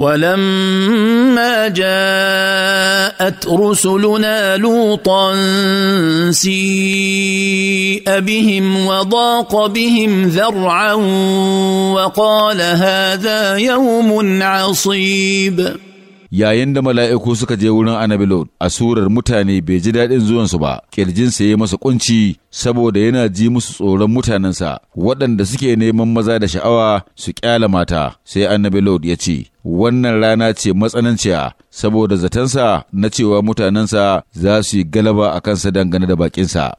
ولما جاءت رسلنا لوطا سيء بهم وضاق بهم ذرعا وقال هذا يوم عصيب yayin da mala'iku suka je wurin annabi Lot a surar mutane bai ji daɗin zuwansu ba ƙirjinsa ya masa ƙunci saboda yana ji musu tsoron mutanensa waɗanda suke neman maza da sha'awa su ƙyala mata sai annabi ya ce wannan rana ce matsananciya saboda zatansa na cewa mutanensa za su yi galaba a kansa dangane da bakinsa